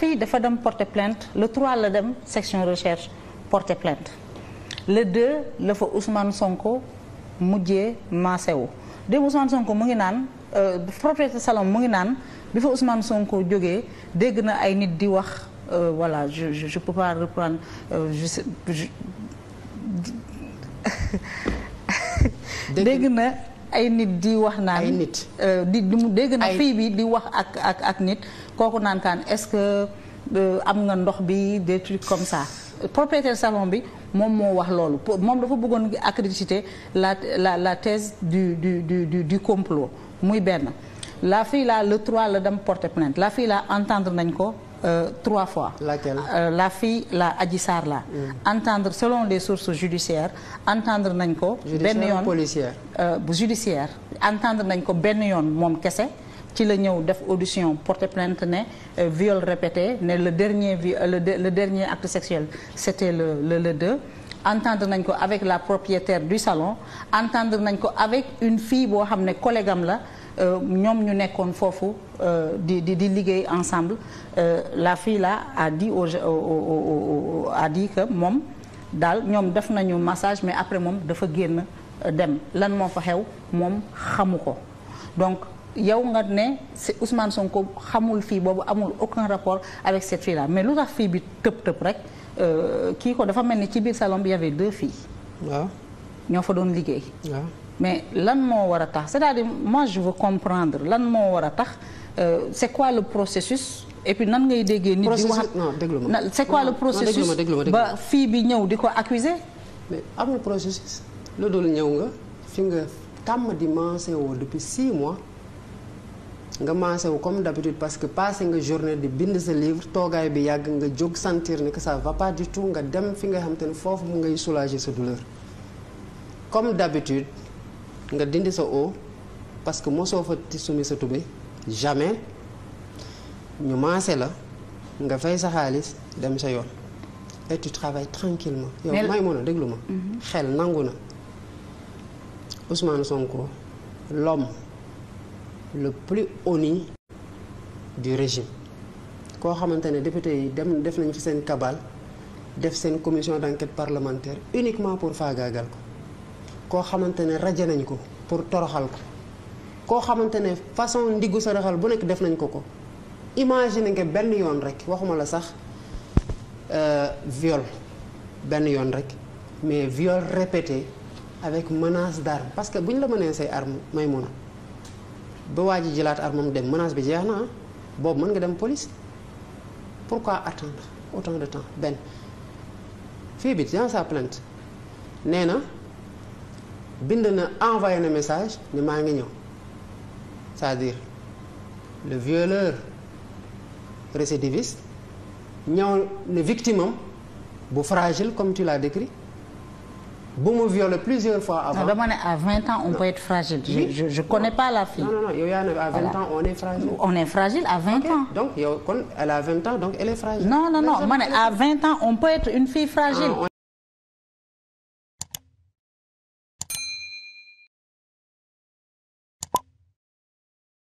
kii dafa dem porte plainte le 3 la dem section recherche porter plainte le 2 la fa Ousmane Sonko mujjee maasewu démb Ousmane Sonko mu ngi naan euh, propriété salon mu ngi naan bi fa Ousmane Sonko jógee dégg na ay nit di wax euh, voilà je je peux pas reprendre euh, dégg na ay nit di wax naan ay nit euh, di di mu dégg na fii bi di wax ak ak ak nit kooku naan est-ce que euh, am nga ndox bi des comme ça propriétaire salon bi moom moo wax loolu moom dafa bëggoon accréditer la la la thèse du du du du du complot muy benn la fii laa le 3 la dem porter plainte la fille là entendre nañ ko euh, trois fois. laquelle euh, la fille la Adji Sarr la. Mm. entendre selon les sources judiciaires entendre nañ ko. benn yoon policière euh, bu entendre nañ ko benn yoon moom kese. ci la ñëw def audition porter plainte ne euh, viol répété ne le dernier le dernier acte sexuel c'était le le le deux entendre nañ ko avec la propiétaire du salon entendre nañ ko avec une fille boo xam ne collègue la Euh, ñoom ñu nekkoon foofu euh, di di di liggéey ensemble euh, la fille là a dit au a dit que moom daal ñoom def nañu massage mais après moom dafa génn dem lan moo fa xew moom xamu ko donc yow nga ne c'est Ousmane Sonko xamul fii boobu amul aucun rapport avec cette fille mais lu tax fii bi tëb tëb rek kii ko dafa mel ni ci biir salon bi y avait deux filles. waaw ñoo fa doon liggéey. mais lan moo war a tax c'est-à-dire moi je veux comprendre lan moo war a tax euh, c'est quoi le processus et puis nan ngay déggee nit di wax non déglu ma c'est quoi le processus ba fii bi ñëw di ko accuser amul processus lu dul ñëw nga fi nga tàmm di mancé woo depuis six mois nga mancé wu comme d'habitude parce que passé nga journée di bind sa livre toogaay bi yàgg nga jóg sentir ni que ça va pas du tout nga dem fi nga xam te ne foofu mu ngay soulager sa douleur comme nga dindi sa o parce que mosoo fa sumi sa tubéy jamais ñu maase la nga fay sa xaalis dem sa yoon et tu tranquillement yow may mun déglu ma mhm. xel nangu na Ousmane Sonko l'homme le plus honni du régime koo xamante ne député yi dem def nañ fi seen kabal def seen commission d'enquête parlementaire uniquement pour faagaagal ko koo xamante ne raje nañ ko pour toroxal ko koo xamante ne façon ndiggu saraxal bu nekk def nañ ko ko imagine nga benn yoon rek waxuma la sax euh, viol benn yoon rek mais viol répété avec menace d'arme parce que bu ñu la menacé arme may mun a ba waa ji jëlaat armam dem menace bi jeex na ah boobu mën nga dem police pourquoi attendre autant de temps benn fii bi dans sa plainte nee na bind na envoyé na message ne maa ngi ñëw cest dire le violeur récidiviste ñëw ne victime am bu fragile comme tu l'as décrit bu mu violé plusieurs fois avant. non ne à vingt ans on peut être fragile. je connais pas la fille. non non non yow yaa ne à vingt ans on est fragile. à vingt ans. donc yow kon elle a vingt ans donc elle est fragile. non non non ma ne à vingt ans on peut être une fille fragile. Ah,